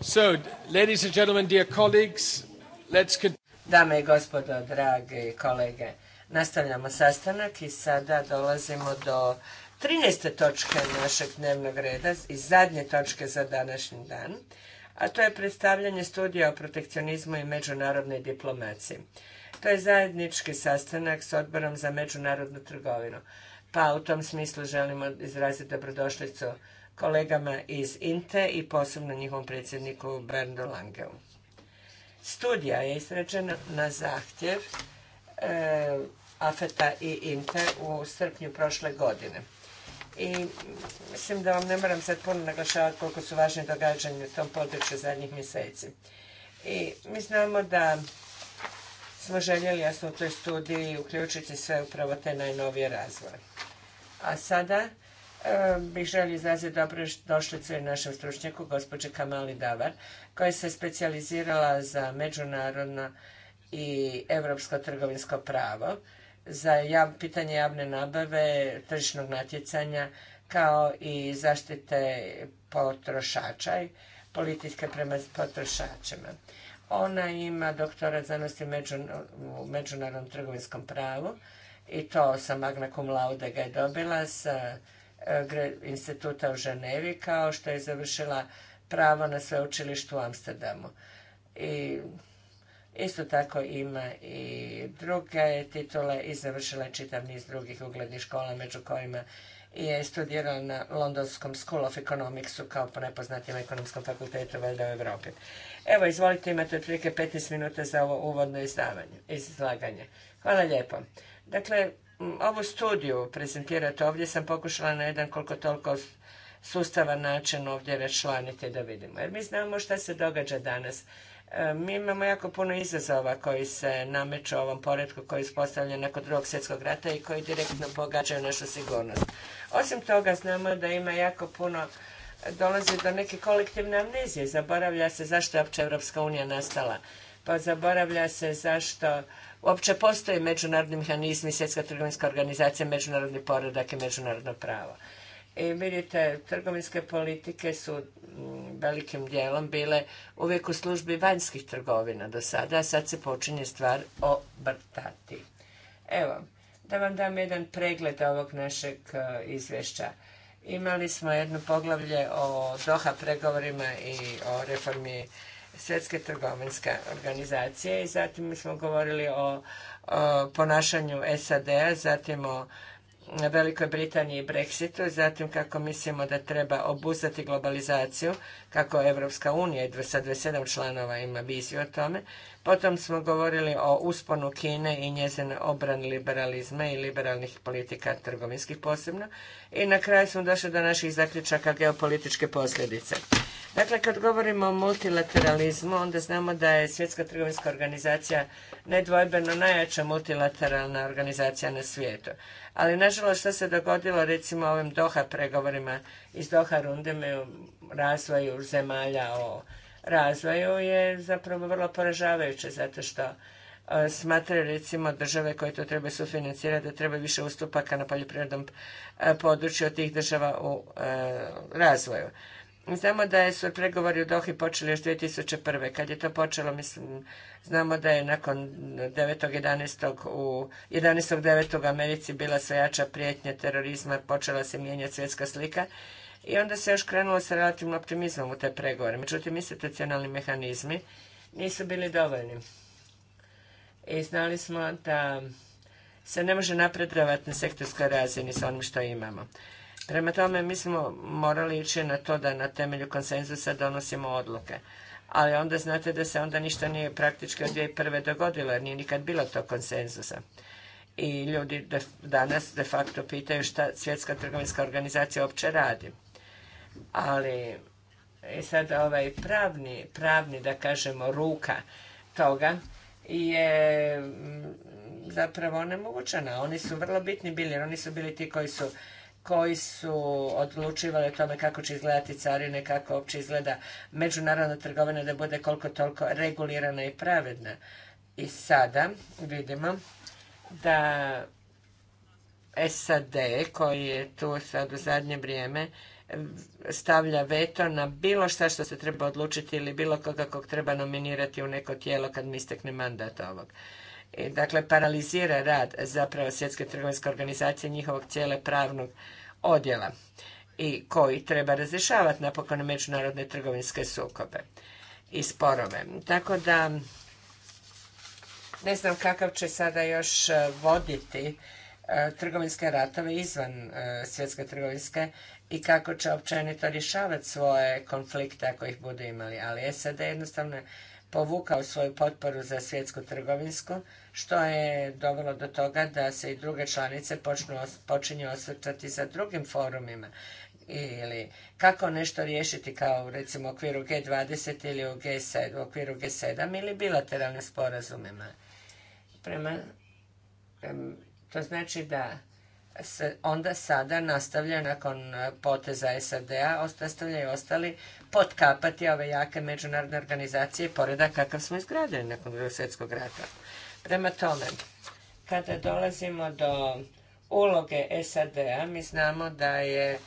So, ladies and gentlemen, dear colleagues, let's... Dame i gospodo, dragi kolege, nastavljamo sastanak i sada dolazimo do 13. točke našeg dnevnog reda i zadnje točke za današnji dan, a to je predstavljanje studija o protekcionizmu i međunarodnoj diplomaciji. To je zajednički sastanak s odborom za međunarodnu trgovinu. Pa u tom smislu želimo izraziti dobrodošlicu kolegama iz INTE i posebno njihovom predsjedniku Bernu Langeu. Studija je izrađena na zahtjev e, AFETA i INTE u srpnju prošle godine. I mislim da vam ne moram sad puno naglašavati koliko su važni događanja u tom području zadnjih mjeseci. I mi znamo da smo željeli jasno u toj studiji uključiti sve upravo te najnovije razvoje. A sada E, bih želio izraziti dobro i našem stručnjaku, gospođe Kamali Davar, koja se specijalizirala za međunarodno i europsko trgovinsko pravo, za pitanje javne nabave, tržišnog natjecanja, kao i zaštite potrošača i politike prema potrošačima. Ona ima doktorat znanosti u međunarodnom trgovinskom pravu i to sa Magna Cum Laude ga je dobila sa instituta u Ženevi, kao što je završila pravo na sveučilištu u Amsterdamu. I isto tako ima i druge titule i završila je čitav niz drugih uglednih škola, među kojima je studirala na Londonskom School of Economicsu kao po nepoznatim ekonomskom fakultetu valjda u Europi. Evo, izvolite, imate otprilike 15 minuta za ovo uvodno izlaganje. Hvala lijepo. Dakle, ovu studiju prezentirati ovdje sam pokušala na jedan koliko toliko sustavan način ovdje rečlaniti da vidimo. Jer mi znamo šta se događa danas. E, mi imamo jako puno izazova koji se nameću ovom poredku koji je uspostavljen nakon drugog svjetskog rata i koji direktno pogađaju našu sigurnost. Osim toga znamo da ima jako puno dolazi do neke kolektivne amnezije. Zaboravlja se zašto je uopće Europska unija nastala. Pa zaboravlja se zašto uopće postoje međunarodni mehanizmi, svjetska trgovinska organizacija, međunarodni poredak i međunarodno pravo. I vidite, trgovinske politike su velikim dijelom bile uvijek u službi vanjskih trgovina do sada, a sad se počinje stvar obrtati. Evo, da vam dam jedan pregled ovog našeg e, izvješća. Imali smo jedno poglavlje o Doha pregovorima i o reformi svjetske trgovinske organizacije i zatim mi smo govorili o, ponašanju SAD-a, zatim o Velikoj Britaniji i Brexitu, zatim kako mislimo da treba obuzdati globalizaciju, kako Evropska unija sa 27 članova ima viziju o tome, Potom smo govorili o usponu Kine i njezine obran liberalizma i liberalnih politika trgovinskih posebno. I na kraju smo došli do naših zaključaka geopolitičke posljedice. Dakle, kad govorimo o multilateralizmu, onda znamo da je Svjetska trgovinska organizacija nedvojbeno najjača multilateralna organizacija na svijetu. Ali, nažalost, što se dogodilo, recimo, ovim Doha pregovorima iz Doha rundeme u razvoju zemalja o razvoju je zapravo vrlo poražavajuće zato što e, smatraju recimo države koje to trebaju sufinancirati da treba više ustupaka na poljoprivrednom e, području od tih država u e, razvoju. Znamo da su pregovori u Dohi počeli još 2001. Kad je to počelo, mislim, znamo da je nakon 9.11. u 11.9. u Americi bila sve jača prijetnja terorizma, počela se mijenjati svjetska slika i onda se još krenulo sa relativnim optimizmom u te pregovore. Međutim, institucionalni mehanizmi nisu bili dovoljni. I znali smo da se ne može napredovati na sektorskoj razini sa onim što imamo. Prema tome, mi smo morali ići na to da na temelju konsenzusa donosimo odluke. Ali onda znate da se onda ništa nije praktički od 2001. dogodilo, jer nije nikad bilo tog konsenzusa. I ljudi danas de facto pitaju šta svjetska trgovinska organizacija uopće radi. Ali i e, sad ovaj pravni, pravni da kažemo ruka toga je mm, zapravo onemogućena. Oni su vrlo bitni bili jer oni su bili ti koji su koji su odlučivali o tome kako će izgledati carine, kako uopće izgleda međunarodna trgovina da bude koliko toliko regulirana i pravedna. I sada vidimo da SAD koji je tu sad u zadnje vrijeme stavlja veto na bilo šta što se treba odlučiti ili bilo koga kog treba nominirati u neko tijelo kad mi istekne mandat ovog. I, e, dakle, paralizira rad zapravo Svjetske trgovinske organizacije njihovog cijele pravnog odjela i koji treba razrješavati napokon međunarodne trgovinske sukobe i sporove. Tako da ne znam kakav će sada još e, voditi e, trgovinske ratove izvan svjetske trgovinske i kako će općenito rješavati svoje konflikte ako ih budu imali. Ali SAD jednostavno povukao svoju potporu za svjetsku trgovinsku, što je dovelo do toga da se i druge članice počnu, počinju osvrtati sa drugim forumima ili kako nešto riješiti kao recimo u okviru G20 ili u, G7, u okviru G7 ili bilateralnim sporazumima. Prema, to znači da onda sada nastavlja nakon e, poteza SAD-a, ostali potkapati ove jake međunarodne organizacije i poredak kakav smo izgradili nakon drugog svjetskog rata. Prema tome, kada dolazimo do uloge SAD-a, mi znamo da je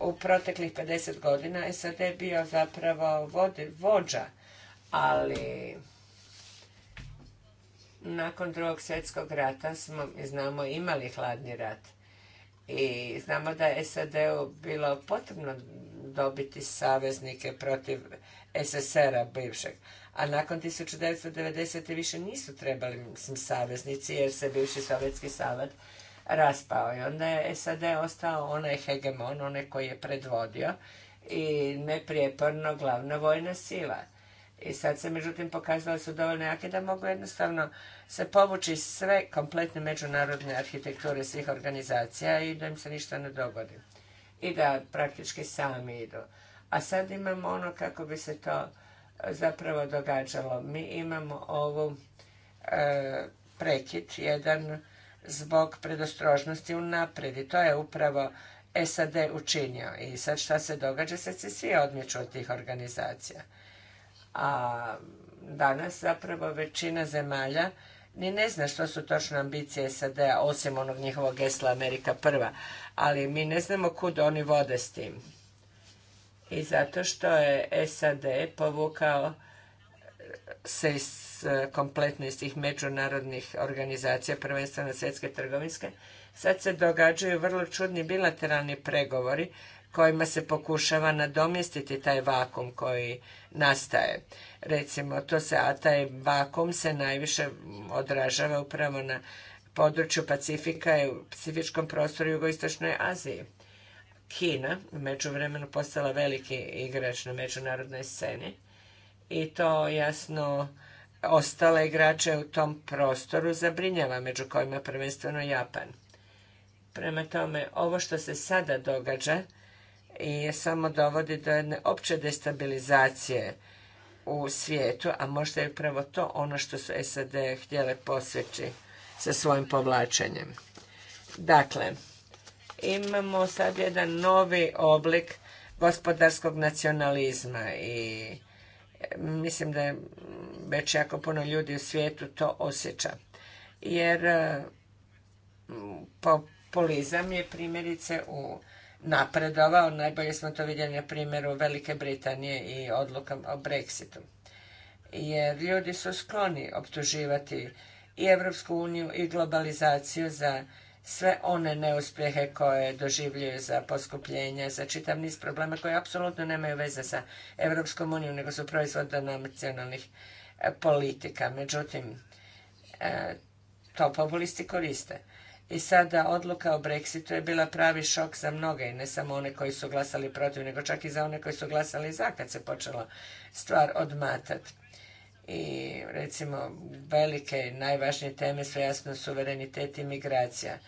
u proteklih 50 godina SAD bio zapravo vođa, ali nakon drugog svjetskog rata smo, znamo, imali hladni rat. I znamo da je SAD-u bilo potrebno dobiti saveznike protiv SSR-a bivšeg. A nakon 1990. više nisu trebali mislim, saveznici jer se bivši Sovjetski savez raspao. I onda je SAD ostao onaj hegemon, onaj koji je predvodio i neprijeporno glavna vojna sila. I sad se međutim pokazalo su dovoljno jake da mogu jednostavno se povući sve kompletne međunarodne arhitekture svih organizacija i da im se ništa ne dogodi. I da praktički sami idu. A sad imamo ono kako bi se to e, zapravo događalo. Mi imamo ovu e, prekid jedan zbog predostrožnosti u napredi. to je upravo SAD učinio. I sad šta se događa? Sad se svi odmiču od tih organizacija. A danas zapravo većina zemalja ni ne zna što su točno ambicije SAD-a, osim onog njihovog gesla Amerika prva. Ali mi ne znamo kud oni vode s tim. I zato što je SAD povukao se iz, e, kompletno iz tih međunarodnih organizacija, prvenstveno svjetske trgovinske, sad se događaju vrlo čudni bilateralni pregovori kojima se pokušava nadomjestiti taj vakum koji nastaje. Recimo, to se, a taj vakum se najviše odražava upravo na području Pacifika i u Pacifičkom prostoru jugoistočnoj Aziji. Kina među vremenu postala veliki igrač na međunarodnoj sceni i to jasno ostale igrače u tom prostoru zabrinjava, među kojima prvenstveno Japan. Prema tome, ovo što se sada događa i samo dovodi do jedne opće destabilizacije u svijetu, a možda je upravo to ono što su SAD htjele posveći sa svojim povlačenjem. Dakle, imamo sad jedan novi oblik gospodarskog nacionalizma i mm, mislim da je već jako puno ljudi u svijetu to osjeća. Jer mm, populizam je primjerice u napredovao. Najbolje smo to vidjeli na primjeru Velike Britanije i odluka o Brexitu. Jer ljudi su skloni optuživati i Evropsku uniju i globalizaciju za sve one neuspjehe koje doživljaju za poskupljenje, za čitav niz problema koje apsolutno nemaju veze sa Evropskom unijom, nego su proizvod nacionalnih eh, politika. Međutim, eh, to populisti koriste. I sada odluka o Brexitu je bila pravi šok za mnoge i ne samo one koji su glasali protiv, nego čak i za one koji su glasali za kad se počela stvar odmatati. I recimo velike i najvažnije teme su jasno suverenitet i migracija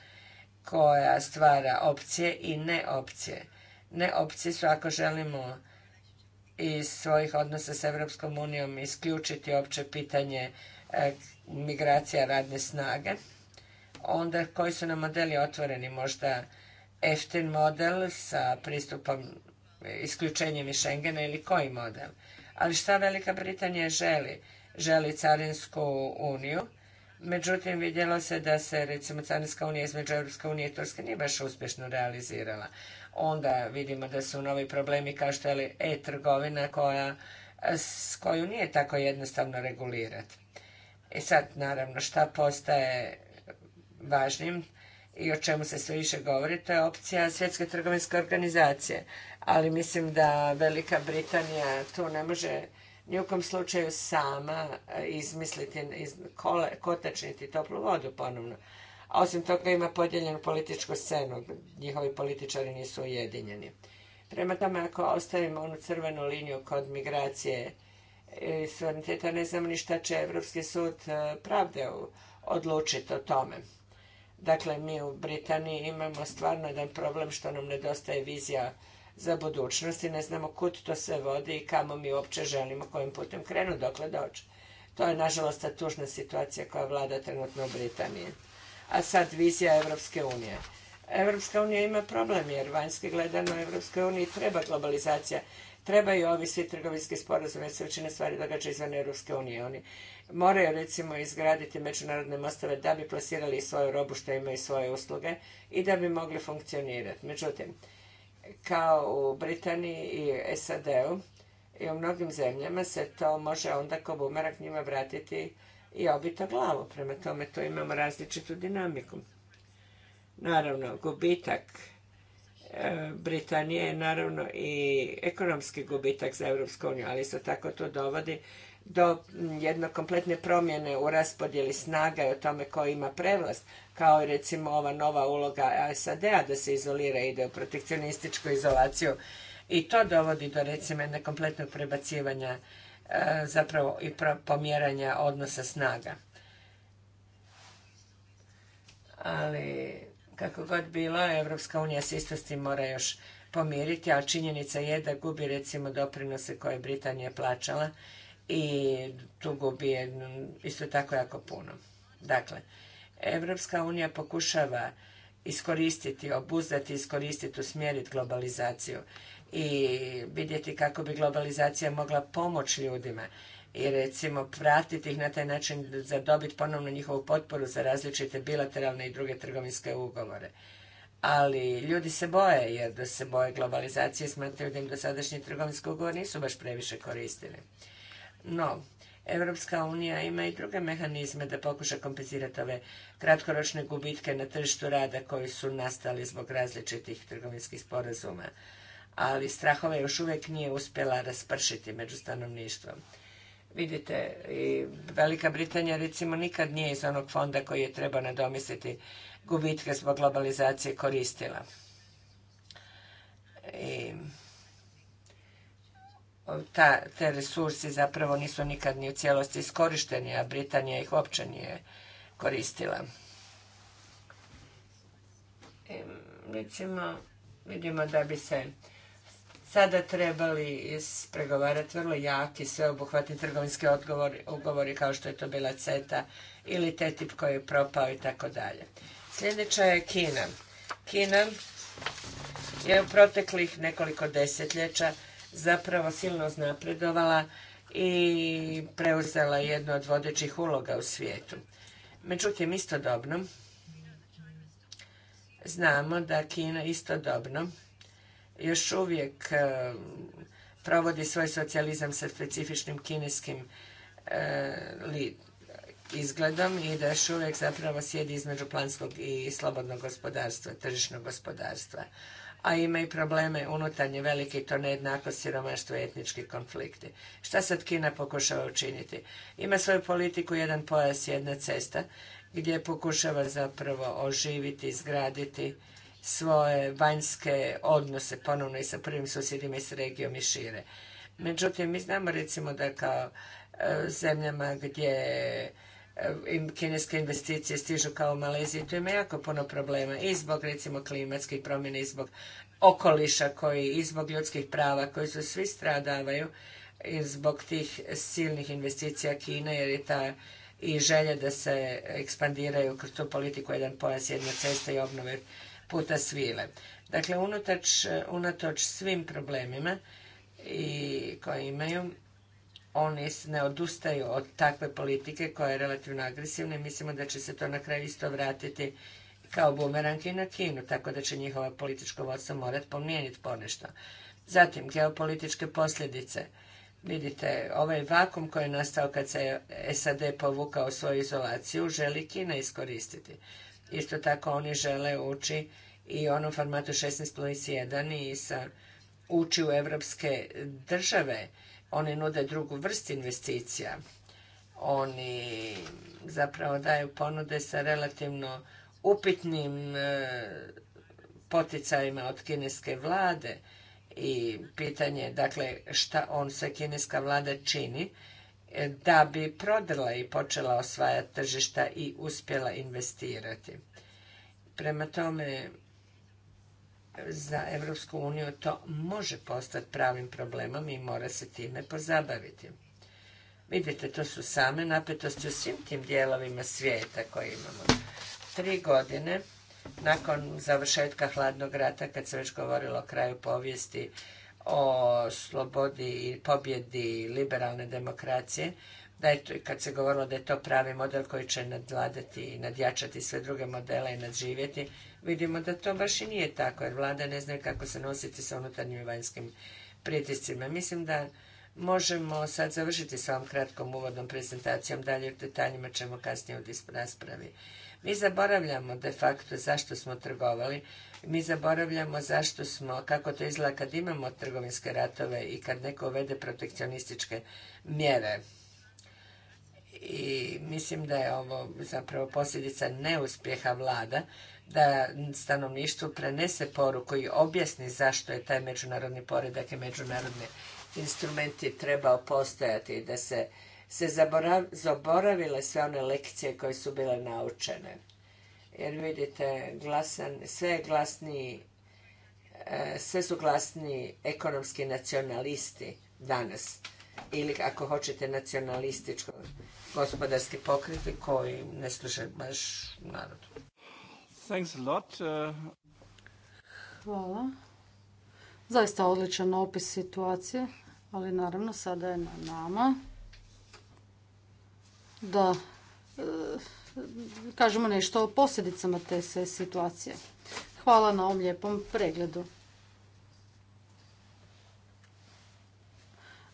koja stvara opcije i ne opcije. Ne opcije su ako želimo iz svojih odnosa s Europskom unijom isključiti opće pitanje eh, migracija radne snage onda koji su nam modeli otvoreni, možda Eftin model sa pristupom e, isključenjem iz Schengena ili koji model. Ali šta Velika Britanija želi? Želi carinsku uniju, međutim vidjelo se da se recimo carinska unija između Europske unije i Turske nije baš uspješno realizirala. Onda vidimo da su novi problemi kao što je e-trgovina koja, s koju nije tako jednostavno regulirati. I sad naravno šta postaje važnim i o čemu se sve više govori, to je opcija Svjetske trgovinske organizacije. Ali mislim da Velika Britanija tu ne može ni u kom slučaju sama e, izmisliti iz, kole, kotačniti toplu vodu ponovno. A osim toga ima podijeljenu političku scenu, njihovi političari nisu ujedinjeni. Prema tome, ako ostavimo onu crvenu liniju kod migracije i suvereniteta, ne znam ni šta će Evropski sud e, pravde odlučiti o tome. Dakle, mi u Britaniji imamo stvarno jedan problem što nam nedostaje vizija za budućnost i ne znamo kud to sve vodi i kamo mi uopće želimo kojim putem krenu, dokle doći. To je nažalost ta tužna situacija koja vlada trenutno u Britaniji. A sad vizija Evropske unije. Evropska unija ima problem jer vanjski gledano Evropskoj uniji treba globalizacija trebaju ovi svi trgovinski sporazumi, jer se većina stvari događa izvan Europske unije. Oni moraju recimo izgraditi međunarodne mostove da bi plasirali svoju robu što imaju svoje usluge i da bi mogli funkcionirati. Međutim, kao u Britaniji i SAD-u i u mnogim zemljama se to može onda ko bumerak njima vratiti i obito glavu. Prema tome, to imamo različitu dinamiku. Naravno, gubitak Britanije je naravno i ekonomski gubitak za Europsku uniju, ali isto tako to dovodi do jedno kompletne promjene u raspodjeli snaga i o tome ko ima prevlast, kao i recimo ova nova uloga SAD-a da se izolira i ide u protekcionističku izolaciju. I to dovodi do recimo jedne kompletnog prebacivanja e, zapravo i pomjeranja odnosa snaga. Ali kako god bilo, Evropska unija se isto s tim mora još pomiriti, ali činjenica je da gubi recimo doprinose koje je Britanija plaćala i tu gubi isto tako jako puno. Dakle, Evropska unija pokušava iskoristiti, obuzdati, iskoristiti, usmjeriti globalizaciju i vidjeti kako bi globalizacija mogla pomoći ljudima i recimo pratiti ih na taj način za dobiti ponovno njihovu potporu za različite bilateralne i druge trgovinske ugovore. Ali ljudi se boje jer da se boje globalizacije smatraju da im dosadašnji trgovinski ugovor nisu baš previše koristili. No, Evropska unija ima i druge mehanizme da pokuša kompenzirati ove kratkoročne gubitke na tržištu rada koji su nastali zbog različitih trgovinskih sporazuma ali strahove još uvijek nije uspjela raspršiti među stanovništvom. Vidite, i Velika Britanija recimo nikad nije iz onog fonda koji je treba nadomisliti gubitke zbog globalizacije koristila. ta, te resursi zapravo nisu nikad ni u cijelosti iskorišteni, a Britanija ih uopće nije koristila. recimo, vidimo da bi se sada trebali ispregovarati vrlo jaki, sveobuhvatni trgovinski ugovori kao što je to bila CETA ili TTIP koji je propao i tako dalje. Sljedeća je Kina. Kina je u proteklih nekoliko desetljeća zapravo silno znapredovala i preuzela jednu od vodećih uloga u svijetu. Međutim, istodobno znamo da Kina istodobno još uvijek e, provodi svoj socijalizam sa specifičnim kineskim e, izgledom i da još uvijek zapravo sjedi između planskog i slobodnog gospodarstva, tržišnog gospodarstva. A ima i probleme unutarnje velike to nejednako siromaštvo i etnički konflikti. Šta sad Kina pokušava učiniti? Ima svoju politiku jedan pojas, jedna cesta, gdje pokušava zapravo oživiti, izgraditi svoje vanjske odnose ponovno i sa prvim susjedima i s regijom i šire. Međutim, mi znamo recimo da kao e, zemljama gdje e, kineske investicije stižu kao u Maleziji, tu ima jako puno problema i zbog recimo klimatskih promjena i zbog okoliša koji i zbog ljudskih prava koji su svi stradavaju i zbog tih silnih investicija Kine jer je ta i želja da se ekspandiraju kroz tu politiku jedan pojas, jedna cesta i obnove puta svile. Dakle, unatoč, svim problemima i koje imaju, oni ne odustaju od takve politike koja je relativno agresivna i mislimo da će se to na kraju isto vratiti kao bumerang i na Kinu, tako da će njihova političko vodstvo morati pomijeniti ponešto. Zatim, geopolitičke posljedice. Vidite, ovaj vakum koji je nastao kad se SAD povukao svoju izolaciju, želi Kina iskoristiti. Isto tako oni žele ući i u onom formatu 16 i sa, ući u evropske države. Oni nude drugu vrstu investicija. Oni zapravo daju ponude sa relativno upitnim e, poticajima od kineske vlade i pitanje dakle šta on se kineska vlada čini da bi prodala i počela osvajati tržišta i uspjela investirati. Prema tome, za Europsku uniju to može postati pravim problemom i mora se time pozabaviti. Vidite, to su same napetosti u svim tim dijelovima svijeta koje imamo. Tri godine nakon završetka hladnog rata, kad se već govorilo o kraju povijesti o slobodi i pobjedi liberalne demokracije, da je, kad se govorilo da je to pravi model koji će nadvladati i nadjačati sve druge modele i nadživjeti, vidimo da to baš i nije tako, jer vlada ne zna kako se nositi sa unutarnjim i vanjskim pritiscima. Mislim da Možemo sad završiti s ovom kratkom uvodnom prezentacijom, dalje u detaljima ćemo kasnije u raspravi. Mi zaboravljamo de facto zašto smo trgovali, mi zaboravljamo zašto smo, kako to izgleda kad imamo trgovinske ratove i kad neko uvede protekcionističke mjere. I mislim da je ovo zapravo posljedica neuspjeha vlada da stanovništvu prenese poruku i objasni zašto je taj međunarodni poredak i međunarodne instrumenti trebao postojati i da se, se zaboravile sve one lekcije koje su bile naučene. Jer vidite, glasan, sve je glasniji, e, sve su ekonomski nacionalisti danas ili ako hoćete nacionalističko gospodarski pokreti koji ne služe baš narodu. Uh, Hvala. Zaista odličan opis situacije, ali naravno sada je na nama da e, kažemo nešto o posljedicama te sve situacije. Hvala na ovom lijepom pregledu.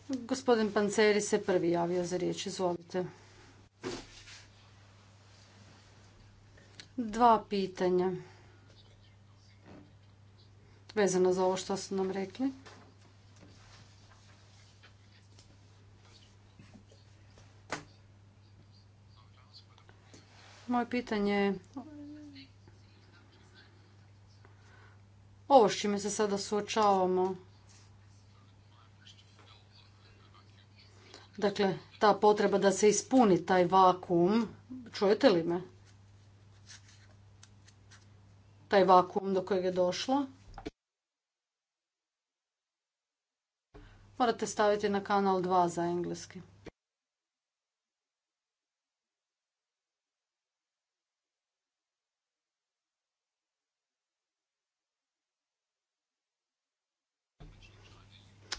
Gospodin Panceri se prvi javio za riječ. Izvolite. Dva pitanja vezano za ovo što su nam rekli. Moje pitanje je ovo s čime se sada suočavamo. Dakle, ta potreba da se ispuni taj vakuum, čujete li me? Taj vakuum do kojeg je došlo. morate staviti na kanal 2 za engleski.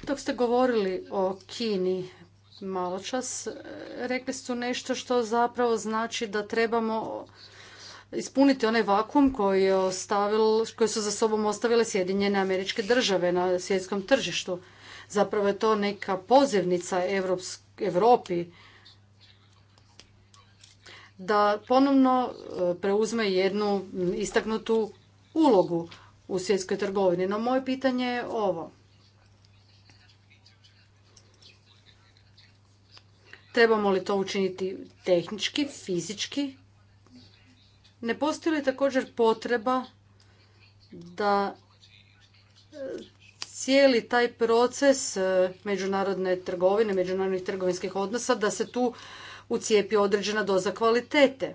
Dok ste govorili o Kini malo čas, e, rekli su nešto što zapravo znači da trebamo ispuniti onaj vakum koji, koji su za sobom ostavile Sjedinjene američke države na svjetskom tržištu. Zapravo je to neka pozivnica Europi da ponovno e, preuzme jednu istaknutu ulogu u svjetskoj trgovini. No moje pitanje je ovo. Trebamo li to učiniti tehnički, fizički? Ne postoji li također potreba da e, cijeli taj proces e, međunarodne trgovine, međunarodnih trgovinskih odnosa, da se tu ucijepi određena doza kvalitete.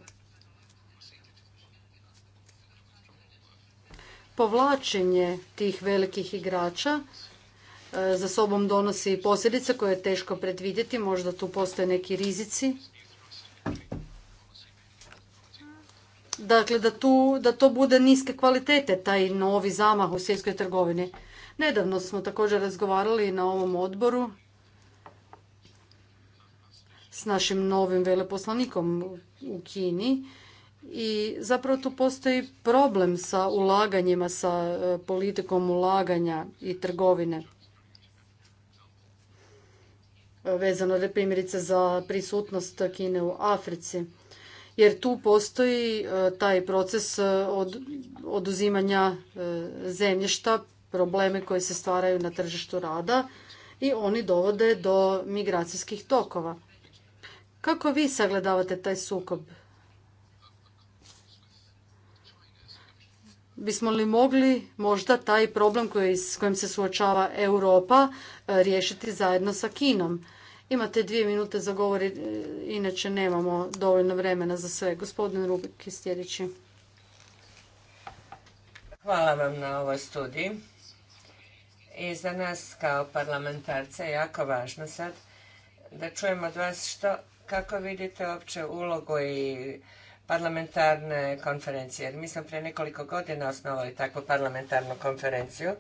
Povlačenje tih velikih igrača e, za sobom donosi posljedice koje je teško predvidjeti, možda tu postoje neki rizici. Dakle, da, da to bude niske kvalitete, taj novi zamah u svjetskoj trgovini. Nedavno smo također razgovarali na ovom odboru s našim novim veleposlanikom u Kini i zapravo tu postoji problem sa ulaganjima, sa e, politikom ulaganja i trgovine. E, vezano je primjerice za prisutnost Kine u Africi. Jer tu postoji e, taj proces oduzimanja zemljišta probleme koji se stvaraju na tržištu rada i oni dovode do migracijskih tokova. Kako vi sagledavate taj sukob? Bismo li mogli možda taj problem koji, s kojim se suočava Europa e, riješiti zajedno sa Kinom? Imate dvije minute za govor, e, inače nemamo dovoljno vremena za sve. Gospodin Rubik Hvala vam na ovoj studiji i za nas kao parlamentarce je jako važno sad da čujem od vas što, kako vidite uopće ulogu i parlamentarne konferencije. Jer mi smo pre nekoliko godina osnovali takvu parlamentarnu konferenciju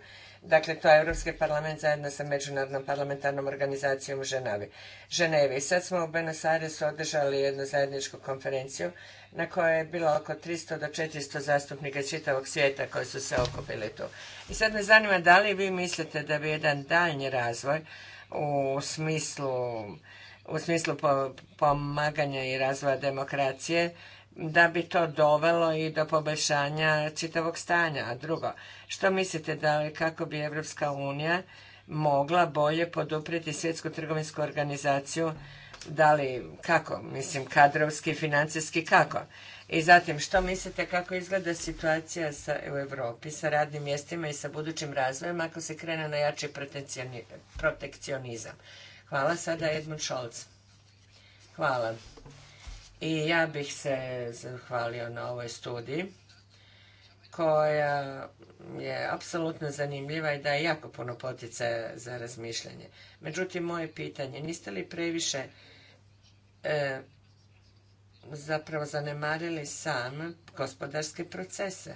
Dakle, to je Europski parlament zajedno sa Međunarodnom parlamentarnom organizacijom u Ženevi. Ženevi. Sad smo u Buenos Airesu održali jednu zajedničku konferenciju na kojoj je bilo oko 300 do 400 zastupnika iz čitavog svijeta koji su se okupili tu. I sad me zanima da li vi mislite da bi jedan daljnji razvoj u smislu u smislu pomaganja i razvoja demokracije da bi to dovelo i do poboljšanja čitavog stanja. A drugo, što mislite da li kako bi Evropska unija mogla bolje poduprijeti svjetsku trgovinsku organizaciju, da li kako, mislim kadrovski, financijski, kako? I zatim, što mislite kako izgleda situacija u Europi sa radnim mjestima i sa budućim razvojem ako se krene na jači protekcionizam? Hvala sada Edmund Scholz. Hvala. I ja bih se zahvalio na ovoj studiji koja je apsolutno zanimljiva i daje jako puno poticaja za razmišljanje. Međutim, moje pitanje, niste li previše e, zapravo zanemarili sam gospodarske procese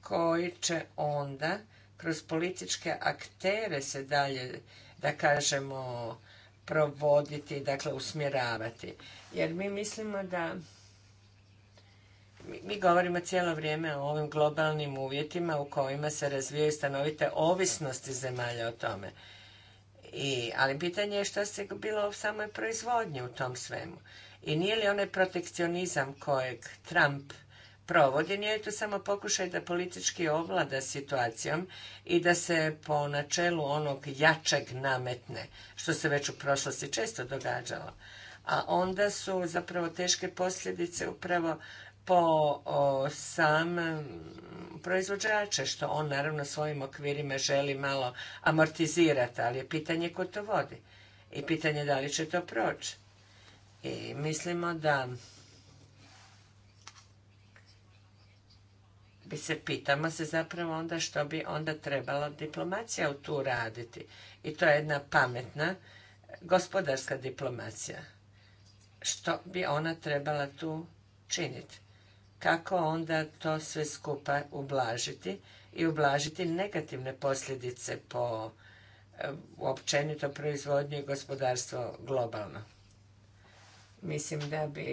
koji će onda kroz političke aktere se dalje, da kažemo, provoditi, dakle usmjeravati. Jer mi mislimo da mi govorimo cijelo vrijeme o ovim globalnim uvjetima u kojima se razvijaju stanovite ovisnosti zemalja o tome. I, ali pitanje je što se bilo u samoj proizvodnji u tom svemu. I nije li onaj protekcionizam kojeg Trump provodi, nije to samo pokušaj da politički ovlada situacijom i da se po načelu onog jačeg nametne, što se već u prošlosti često događalo. A onda su zapravo teške posljedice upravo po sam mm, proizvođače, što on naravno svojim okvirima želi malo amortizirati, ali je pitanje ko to vodi i pitanje da li će to proći. I mislimo da bi se pitamo se zapravo onda što bi onda trebala diplomacija u tu raditi. I to je jedna pametna gospodarska diplomacija. Što bi ona trebala tu činiti? Kako onda to sve skupa ublažiti i ublažiti negativne posljedice po e, općenito proizvodnju i gospodarstvo globalno. Mislim da bi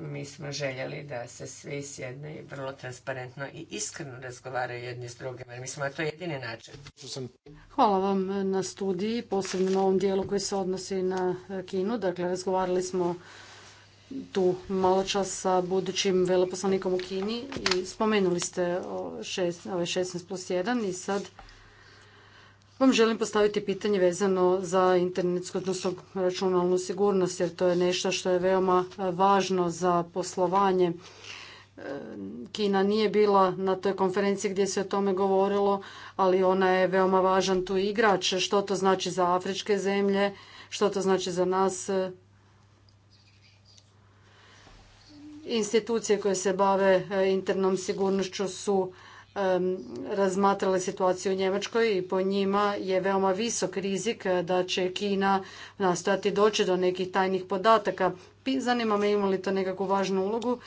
mi smo željeli da se svi sjedne i vrlo transparentno i iskreno razgovaraju jedni s drugim. Jer mislim da to je jedini način. Hvala vam na studiji, posebno na ovom dijelu koji se odnosi na e, Kinu. Dakle, razgovarali smo tu malo čas sa budućim veleposlanikom u Kini i spomenuli ste ove 16 plus 1 i sad vam želim postaviti pitanje vezano za internetsku, odnosno računalnu sigurnost, jer to je nešto što je veoma e, važno za poslovanje. E, Kina nije bila na toj konferenciji gdje se o tome govorilo, ali ona je veoma važan tu igrač. Što to znači za afričke zemlje, što to znači za nas, e, institucije koje se bave internom sigurnošću su razmatrale situaciju u Njemačkoj i po njima je veoma visok rizik eh, da će Kina nastojati doći do nekih tajnih podataka. Zanima me ima li to nekakvu važnu ulogu.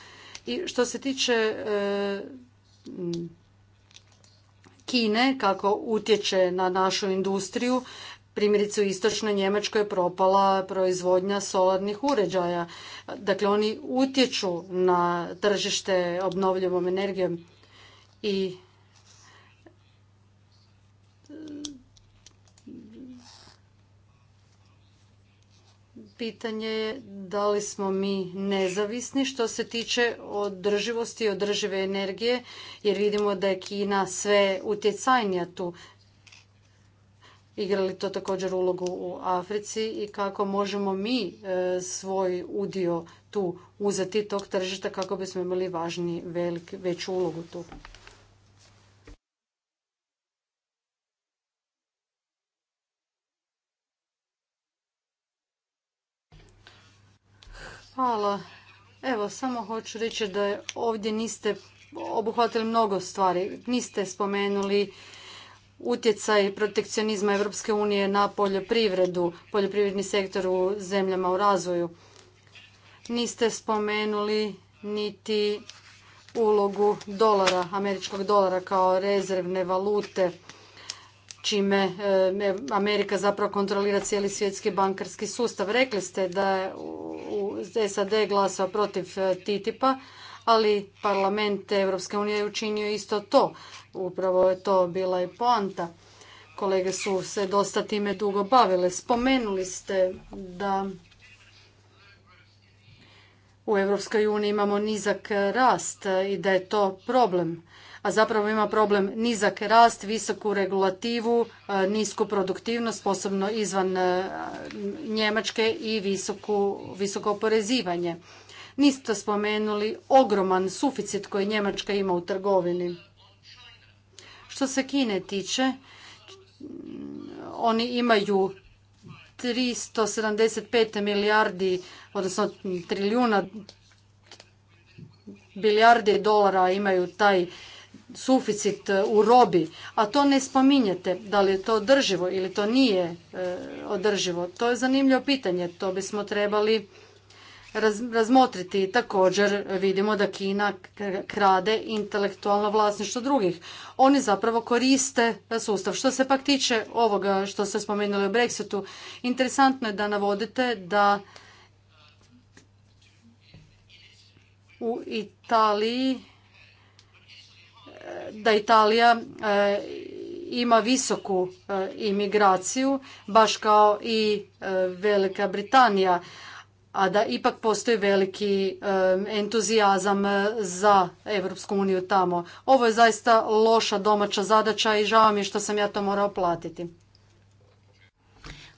I što se tiče eh, Kine, kako utječe na našu industriju, Primjerice u istočnoj Njemačkoj je propala proizvodnja solarnih uređaja. Dakle, oni utječu na tržište obnovljivom energijom i pitanje je da li smo mi nezavisni što se tiče održivosti i održive energije jer vidimo da je Kina sve utjecajnija tu. Igrali to također ulogu u Africi i kako možemo mi e, svoj udio tu uzeti tog tržišta kako bismo imali važni veću ulogu tu. Hvala. Evo, samo hoću reći da ovdje niste obuhvatili mnogo stvari. Niste spomenuli utjecaj protekcionizma Europske unije na poljoprivredu, poljoprivredni sektor u zemljama u razvoju. Niste spomenuli niti ulogu dolara, američkog dolara kao rezervne valute čime e, Amerika zapravo kontrolira cijeli svjetski bankarski sustav. Rekli ste da je SAD glasao protiv e, TTIP-a, ali parlament Europske unije je učinio isto to. Upravo je to bila i poanta. Kolege su se dosta time dugo bavile. Spomenuli ste da u Europskoj uniji imamo nizak rast i da je to problem a zapravo ima problem nizak rast, visoku regulativu, e, nisku produktivnost, posebno izvan e, Njemačke i visoku, visoko oporezivanje. Niste spomenuli ogroman suficit koji Njemačka ima u trgovini. Što se Kine tiče, oni imaju 375 milijardi, odnosno trilijuna bilijardi dolara imaju taj suficit e, u robi, a to ne spominjete, da li je to održivo ili to nije e, održivo. To je zanimljivo pitanje, to bismo trebali razmotriti. Također vidimo da Kina krade intelektualno vlasništvo drugih. Oni zapravo koriste e, sustav. Što se pak tiče ovoga što ste spomenuli o Brexitu, interesantno je da navodite da u Italiji da Italija e, ima visoku e, imigraciju, baš kao i e, Velika Britanija, a da ipak postoji veliki entuzijazam za Europsku uniju tamo. Ovo je zaista loša domaća zadaća i žao mi je što sam ja to morao platiti.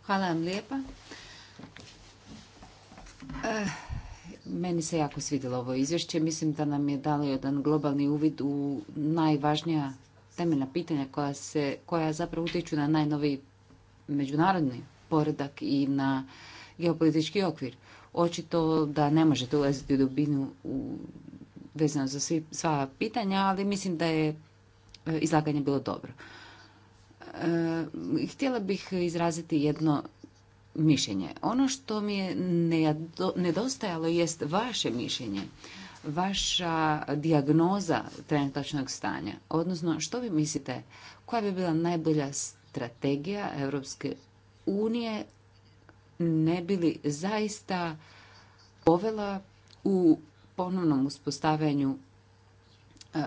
Hvala vam lijepa. Meni se jako svidjelo ovo izvješće. Mislim da nam je dalo jedan globalni uvid u najvažnija temeljna pitanja koja, se, koja zapravo utječu na najnoviji međunarodni poredak i na geopolitički okvir. Očito da ne možete ulaziti u dubinu u, vezano za svi, sva pitanja, ali mislim da je e, izlaganje bilo dobro. E, htjela bih izraziti jedno mišljenje. Ono što mi je nedostajalo jest vaše mišljenje, vaša dijagnoza trenutačnog stanja. Odnosno, što vi mislite, koja bi bila najbolja strategija Europske unije ne li zaista povela u ponovnom uspostavljanju e,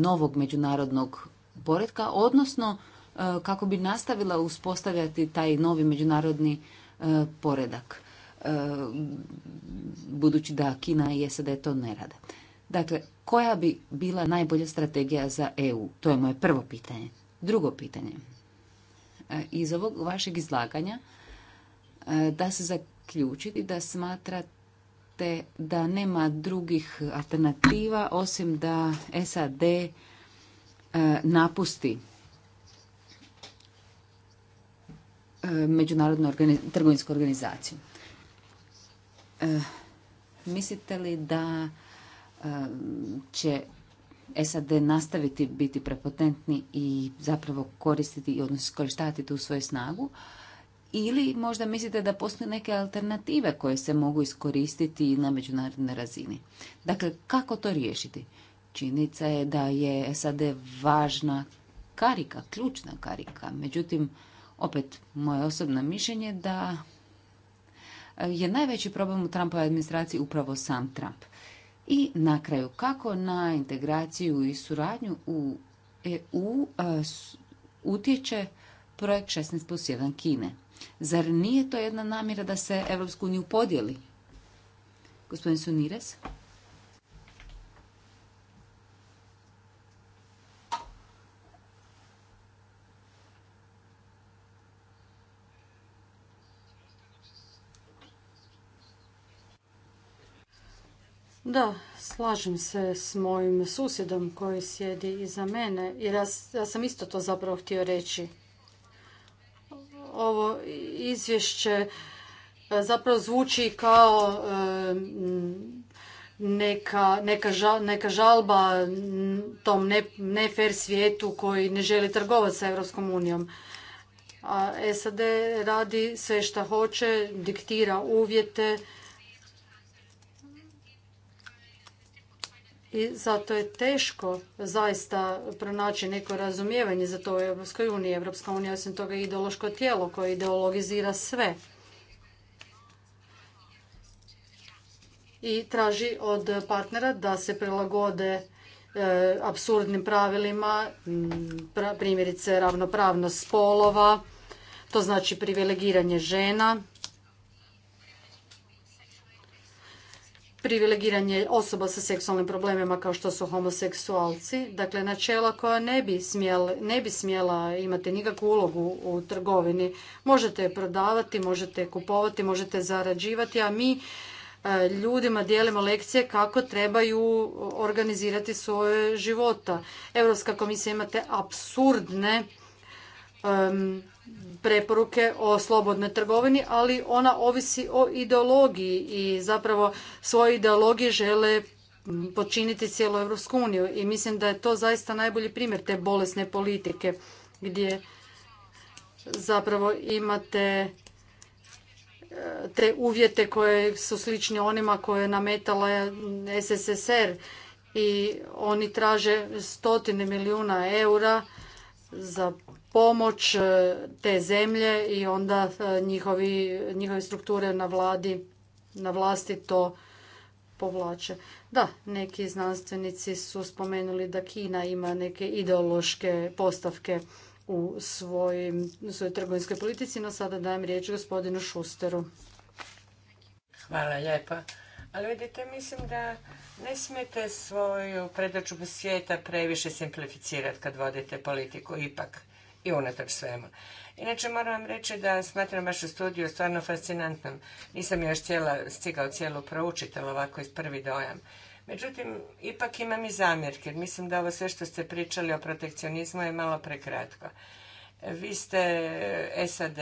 novog međunarodnog poretka, odnosno E, kako bi nastavila uspostavljati taj novi međunarodni e, poredak, e, budući da Kina i SAD to ne rade. Dakle, koja bi bila najbolja strategija za EU? To je moje prvo pitanje. Drugo pitanje. Iz ovog vašeg izlaganja da se zaključiti da smatrate da nema drugih alternativa osim da SAD napusti E, međunarodnu trgovinsku organizaciju. E, mislite li da e, će SAD nastaviti biti prepotentni i zapravo koristiti, odnosno iskorištavati tu svoju snagu? Ili možda mislite da postoje neke alternative koje se mogu iskoristiti na međunarodnoj razini? Dakle, kako to riješiti? Činjenica je da je SAD važna karika, ključna karika. Međutim, opet moje osobno mišljenje da e, je najveći problem u Trumpove administraciji upravo sam Trump. I na kraju, kako na integraciju i suradnju u EU e, utječe projekt 16 plus 1 Kine? Zar nije to jedna namjera da se Evropsku uniju podijeli? Gospodin Sunires? Da, slažem se s mojim susjedom koji sjedi iza mene, jer ja, sam isto to zapravo htio reći. Ovo izvješće e, zapravo zvuči kao e, neka, žalba tom nefer svijetu koji ne želi trgovati sa Europskom unijom. A SAD radi sve što hoće, diktira uvjete, i zato je teško zaista pronaći neko razumijevanje za to u Europskoj uniji. unija osim toga ideološko tijelo koje ideologizira sve i traži od partnera da se prilagode e, apsurdnim pravilima, primjerice ravnopravnost spolova, to znači privilegiranje žena, privilegiranje osoba sa seksualnim problemima kao što su homoseksualci, dakle načela koja ne bi, smjela, ne bi smjela imati nikakvu ulogu u trgovini. Možete je prodavati, možete je kupovati, možete zarađivati, a mi e, ljudima dijelimo lekcije kako trebaju organizirati svoje života. Europska komisija imate apsurdne preporuke o slobodnoj trgovini, ali ona ovisi o ideologiji i zapravo svoje ideologije žele počiniti cijelu Europsku uniju i mislim da je to zaista najbolji primjer te bolesne politike gdje zapravo imate e, te uvjete koje su slični onima koje je nametala SSSR i oni traže stotine milijuna eura za pomoć e, te zemlje i onda e, njihovi, njihove strukture na vladi, na vlasti to povlače. Da, neki znanstvenici su spomenuli da Kina ima neke ideološke postavke u svojoj, u svojoj trgovinskoj politici, no sada dajem riječ gospodinu Šusteru. Hvala lijepa. Ali vidite, mislim da ne smijete svoju predođbu svijeta previše simplificirati kad vodite politiku, ipak i unatoč svemu. Inače moram vam reći da smatram vašu studiju stvarno fascinantnom. Nisam još cijela, stigao cijelu proučiti, ali ovako iz prvi dojam. Međutim, ipak imam i zamjerke. Mislim da ovo sve što ste pričali o protekcionizmu je malo prekratko. Vi ste e, SAD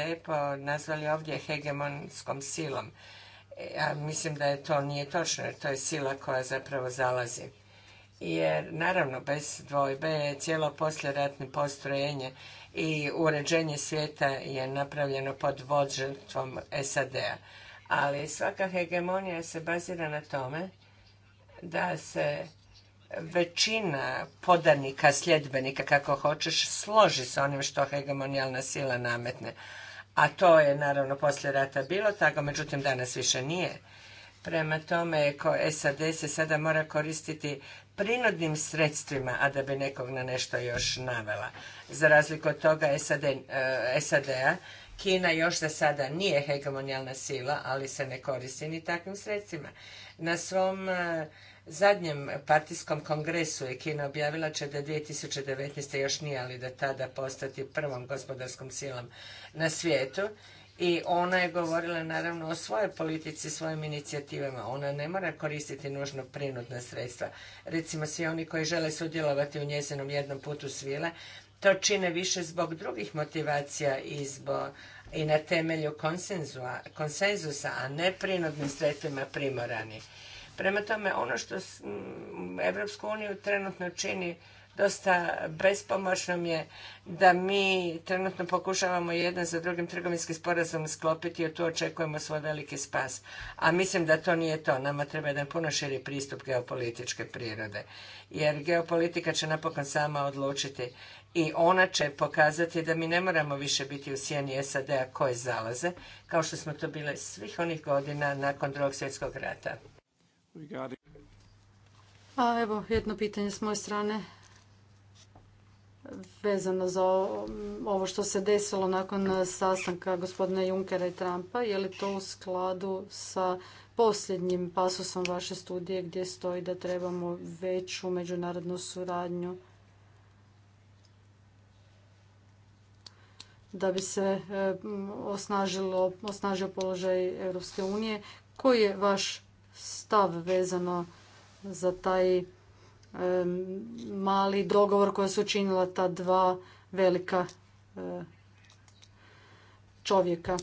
nazvali ovdje hegemonskom silom. E, mislim da je to nije točno, jer to je sila koja zapravo zalazi jer naravno bez dvojbe je cijelo poslijeratno postrojenje i uređenje svijeta je napravljeno pod vođstvom SAD-a. Ali svaka hegemonija se bazira na tome da se većina podanika, sljedbenika, kako hoćeš, složi sa onim što hegemonijalna sila nametne. A to je naravno poslije rata bilo tako, međutim danas više nije. Prema tome, ko SAD se sada mora koristiti prinudnim sredstvima, a da bi nekog na nešto još navela. Za razliku od toga SAD, a e, Kina još za sada nije hegemonijalna sila, ali se ne koristi ni takvim sredstvima. Na svom e, zadnjem partijskom kongresu je Kina objavila će da 2019. još nije, ali da tada postati prvom gospodarskom silom na svijetu i ona je govorila naravno o svojoj politici, svojim inicijativama. Ona ne mora koristiti nužno prinudna sredstva. Recimo svi oni koji žele sudjelovati u njezinom jednom putu svile, to čine više zbog drugih motivacija i zbog i na temelju konsenzusa, a ne prinudnim sredstvima primorani. Prema tome, ono što Evropsku uniju trenutno čini dosta bespomoćno mi je da mi trenutno pokušavamo jedan za drugim trgovinski sporazum sklopiti jer tu očekujemo svoj veliki spas. A mislim da to nije to. Nama treba jedan puno širi pristup geopolitičke prirode. Jer geopolitika će napokon sama odlučiti i ona će pokazati da mi ne moramo više biti u sjeni SAD-a koje zalaze, kao što smo to bile svih onih godina nakon drugog svjetskog rata. evo, jedno pitanje s moje strane vezano za ovo što se desilo nakon sastanka gospodina Junkera i Trumpa. Je li to u skladu sa posljednjim pasusom vaše studije gdje stoji da trebamo veću međunarodnu suradnju da bi se e, osnažilo, osnažio položaj Europske unije. Koji je vaš stav vezano za taj mali dogovor koji su učinila ta dva velika e, čovjeka.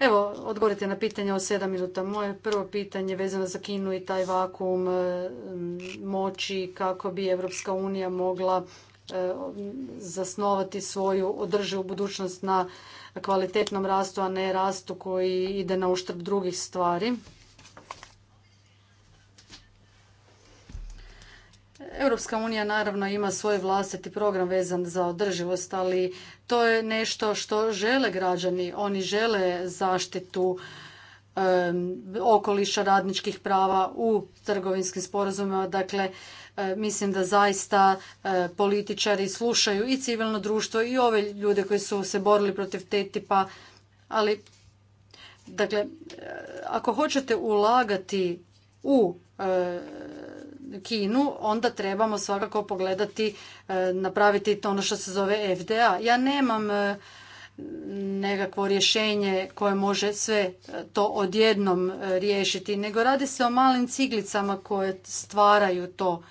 Evo, odgovorite na pitanje o sedam minuta. Moje prvo pitanje vezano za Kinu i taj vakuum e, moći kako bi Evropska unija mogla e, zasnovati svoju održivu budućnost na kvalitetnom rastu, a ne rastu koji ide na uštrb drugih stvari. Europska unija naravno ima svoj vlastiti program vezan za održivost, ali to je nešto što žele građani. Oni žele zaštitu okoliša radničkih prava u trgovinskim sporazumima. Dakle, e, mislim da zaista e, političari slušaju i civilno društvo i ove ljude koji su se borili protiv TTIP-a, ali dakle, e, ako hoćete ulagati u Kinu, onda trebamo svakako pogledati, e, napraviti to ono što se zove FDA. Ja nemam e, nekakvo rješenje koje može sve e, to odjednom riješiti, nego radi se o malim ciglicama koje stvaraju to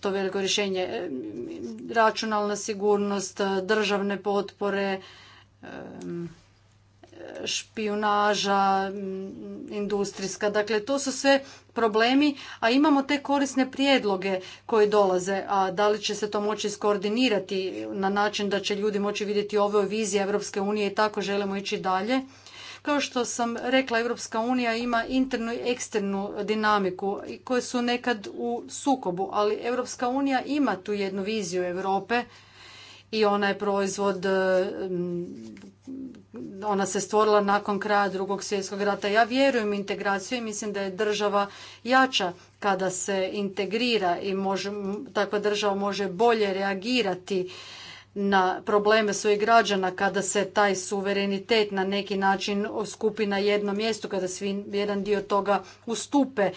to veliko rješenje. Računalna sigurnost, državne potpore, špionaža, mm, industrijska. Dakle, to su sve problemi, a imamo te korisne prijedloge koji dolaze. A da li će se to moći skoordinirati na način da će ljudi moći vidjeti ove vizije Europske unije i tako želimo ići dalje? Kao što sam rekla, Europska unija ima internu i eksternu dinamiku koje su nekad u sukobu, ali Europska unija ima tu jednu viziju Europe i ona je proizvod, e, ona se stvorila nakon kraja drugog svjetskog rata. Ja vjerujem integraciju i mislim da je država jača kada se integrira i može, takva država može bolje reagirati na probleme svojih građana kada se taj suverenitet na neki način skupi na jednom mjestu, kada svi jedan dio toga ustupe.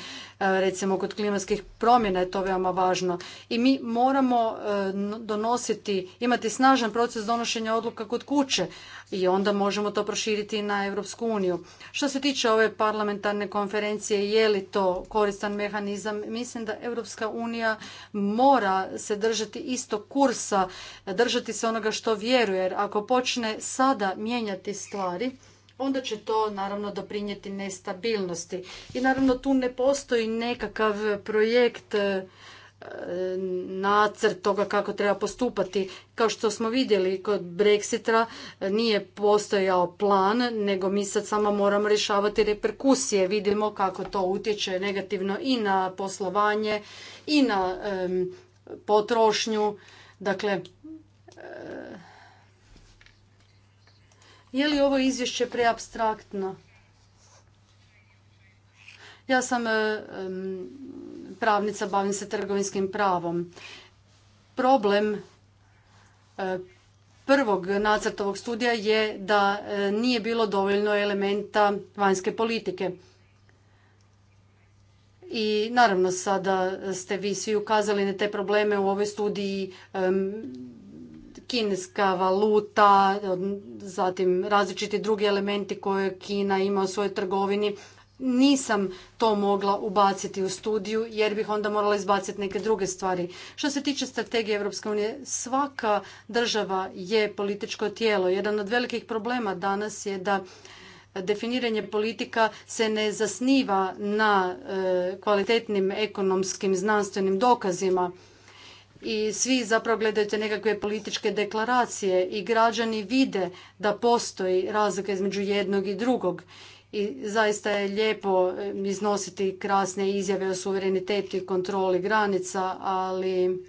E, recimo kod klimatskih promjena je to veoma važno. I mi moramo e, donositi, imati snažan proces donošenja odluka kod kuće i onda možemo to proširiti na Europsku uniju. Što se tiče ove parlamentarne konferencije, je li to koristan mehanizam? Mislim da Europska unija mora se držati istog kursa, držati se onoga što vjeruje, jer ako počne sada mijenjati stvari, onda će to naravno doprinijeti nestabilnosti. I naravno tu ne postoji nekakav projekt e, nacrt toga kako treba postupati. Kao što smo vidjeli kod Brexitra e, nije postojao plan, nego mi sad samo moramo rješavati reperkusije. Vidimo kako to utječe negativno i na poslovanje i na potrošnju. Dakle, e, je li ovo izvješće preabstraktno? Ja sam e, pravnica, bavim se trgovinskim pravom. Problem e, prvog nacrtovog studija je da e, nije bilo dovoljno elementa vanjske politike. I naravno sada ste vi svi ukazali na te probleme u ovoj studiji kineska valuta, zatim različiti drugi elementi koje Kina ima u svojoj trgovini. Nisam to mogla ubaciti u studiju jer bih onda morala izbaciti neke druge stvari. Što se tiče strategije Europske unije, svaka država je političko tijelo. Jedan od velikih problema danas je da definiranje politika se ne zasniva na e, kvalitetnim ekonomskim znanstvenim dokazima i svi zapravo gledaju te nekakve političke deklaracije i građani vide da postoji razlika između jednog i drugog. I zaista je lijepo eh, iznositi krasne izjave o suverenitetu i kontroli granica, ali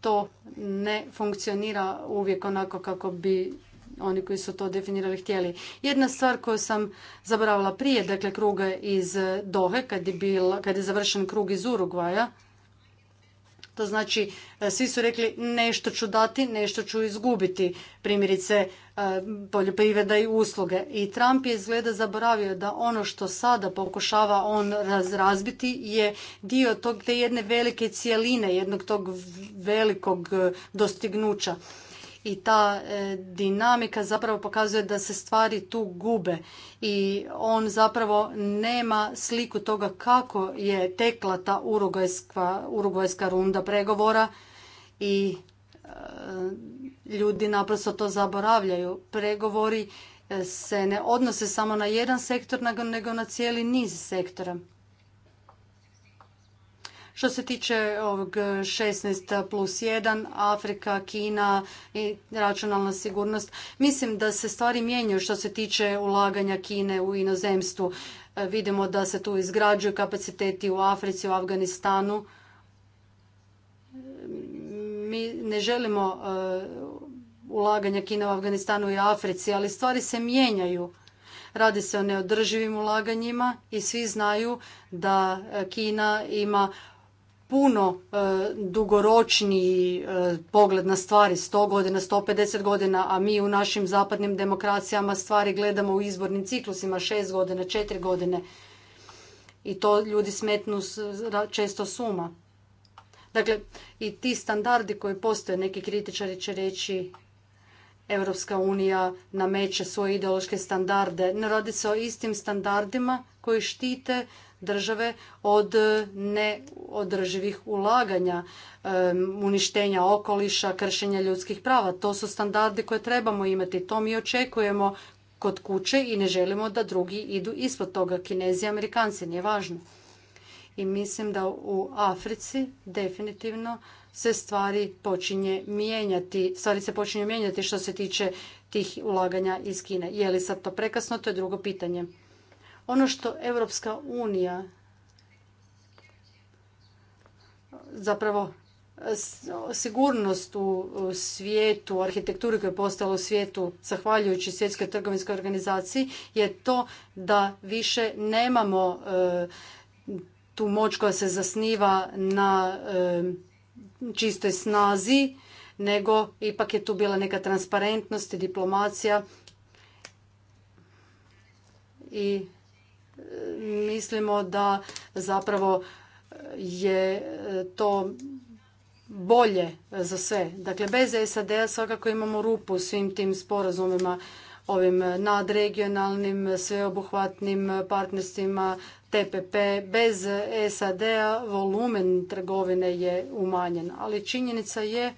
to ne funkcionira uvijek onako kako bi oni koji su to definirali htjeli. Jedna stvar koju sam zaboravila prije, dakle kruga iz Dohe, kad je, kad je završen krug iz Urugvaja, to znači e, svi su rekli nešto ću dati, nešto ću izgubiti, primjerice e, poljoprivreda i usluge. I Trump je izgleda zaboravio da ono što sada pokušava on razbiti je dio tog te jedne velike cijeline, jednog tog velikog e, dostignuća i ta e, dinamika zapravo pokazuje da se stvari tu gube i on zapravo nema sliku toga kako je tekla ta urugojska, runda pregovora i e, ljudi naprosto to zaboravljaju. Pregovori e, se ne odnose samo na jedan sektor nego na cijeli niz sektora. Što se tiče ovog 16 plus 1, Afrika, Kina i računalna sigurnost, mislim da se stvari mijenjaju što se tiče ulaganja Kine u inozemstvu. Vidimo da se tu izgrađuju kapaciteti u Africi, u Afganistanu. Mi ne želimo uh, ulaganja Kina u Afganistanu i Africi, ali stvari se mijenjaju. Radi se o neodrživim ulaganjima i svi znaju da uh, Kina ima puno e, dugoročniji e, pogled na stvari, 100 godina, 150 godina, a mi u našim zapadnim demokracijama stvari gledamo u izbornim ciklusima, 6 godina, 4 godine. I to ljudi smetnu često suma. Dakle, i ti standardi koji postoje, neki kritičari će reći Europska unija nameće svoje ideološke standarde. Ne radi se o istim standardima koji štite države od neodrživih ulaganja, uništenja okoliša, kršenja ljudskih prava. To su standardi koje trebamo imati. To mi očekujemo kod kuće i ne želimo da drugi idu ispod toga. Kinezi i Amerikanci, nije važno. I mislim da u Africi definitivno se stvari počinje mijenjati, stvari se počinju mijenjati što se tiče tih ulaganja iz Kine. Je li sad to prekasno, to je drugo pitanje. Ono što Europska unija zapravo sigurnost u svijetu, arhitekturi koja je postala u svijetu zahvaljujući svjetskoj trgovinskoj organizaciji je to da više nemamo e, tu moć koja se zasniva na e, čistoj snazi, nego ipak je tu bila neka transparentnost i diplomacija i mislimo da zapravo je to bolje za sve. Dakle, bez SAD-a svakako imamo rupu svim tim sporazumima, ovim nadregionalnim, sveobuhvatnim partnerstvima, TPP. Bez SAD-a volumen trgovine je umanjen, ali činjenica je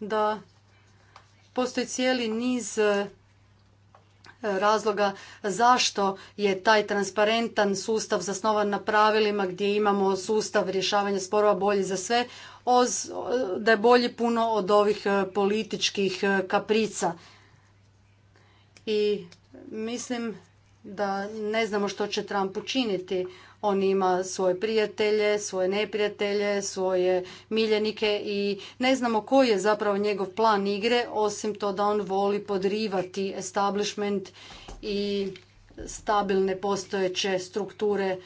da postoji cijeli niz razloga zašto je taj transparentan sustav zasnovan na pravilima gdje imamo sustav rješavanja sporova bolji za sve, da je bolji puno od ovih e, političkih e, kaprica. I mislim da ne znamo što će Trump učiniti. On ima svoje prijatelje, svoje neprijatelje, svoje miljenike i ne znamo koji je zapravo njegov plan igre, osim to da on voli podrivati establishment i stabilne postojeće strukture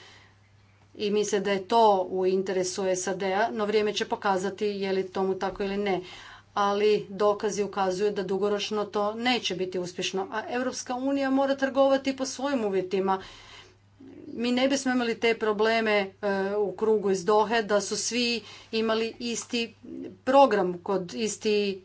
i misle da je to u interesu SAD-a, no vrijeme će pokazati je li tomu tako ili ne. Ali dokazi ukazuju da dugoročno to neće biti uspješno. A Europska unija mora trgovati po svojim uvjetima mi ne bismo imali te probleme e, u krugu iz Dohe da su svi imali isti program kod isti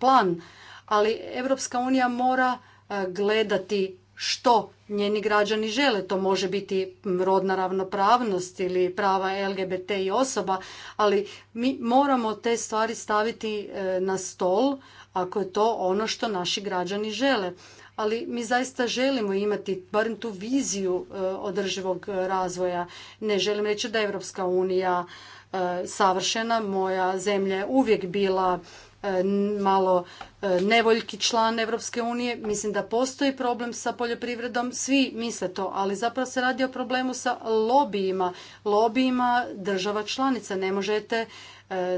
plan, ali Europska unija mora e, gledati što njeni građani žele. To može biti rodna ravnopravnost ili prava LGBT i osoba, ali mi moramo te stvari staviti e, na stol ako je to ono što naši građani žele ali mi zaista želimo imati barem tu viziju e, održivog e, razvoja. Ne želim reći da je Europska unija e, savršena. Moja zemlja je uvijek bila malo nevoljki član Evropske unije. Mislim da postoji problem sa poljoprivredom, svi misle to, ali zapravo se radi o problemu sa lobijima, lobijima država članica. Ne možete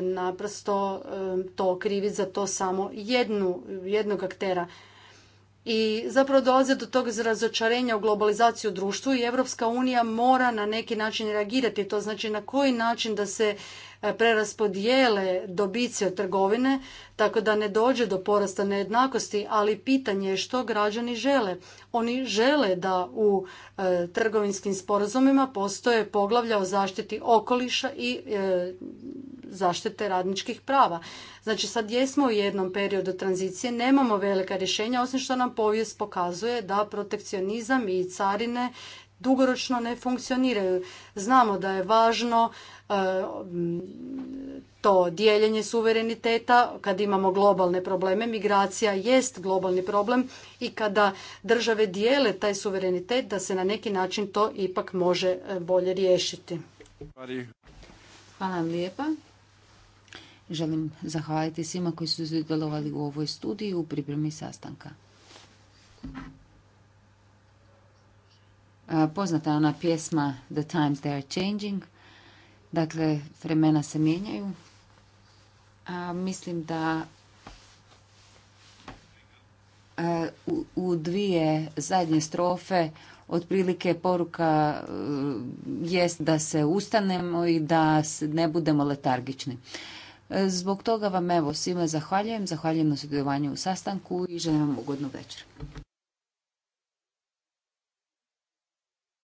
naprosto to kriviti za to samo jednu, jednog aktera i zapravo dolaze do tog razočarenja u globalizaciju društvu i Evropska unija mora na neki način reagirati. To znači na koji način da se e, preraspodijele dobice od trgovine tako da ne dođe do porasta nejednakosti, ali pitanje je što građani žele. Oni žele da u e, trgovinskim sporazumima postoje poglavlja o zaštiti okoliša i e, zaštite radničkih prava. Znači sad jesmo u jednom periodu tranzicije, nemamo velika rješenja, osim što nam povijest pokazuje da protekcionizam i carine dugoročno ne funkcioniraju. Znamo da je važno e, to dijeljenje suvereniteta, kad imamo globalne probleme, migracija jest globalni problem i kada države dijele taj suverenitet, da se na neki način to ipak može e, bolje riješiti. Hvala vam lijepa. Želim zahvaliti svima koji su sudjelovali u ovoj studiji u pripremi sastanka. Poznata je ona pjesma The Times They Are Changing. Dakle, vremena se mijenjaju. A mislim da u dvije zadnje strofe otprilike poruka e, jest da se ustanemo i da ne budemo letargični. Zbog toga vam evo svima zahvaljujem, zahvaljujem na sudjelovanju u sastanku i želim vam ugodnu večer.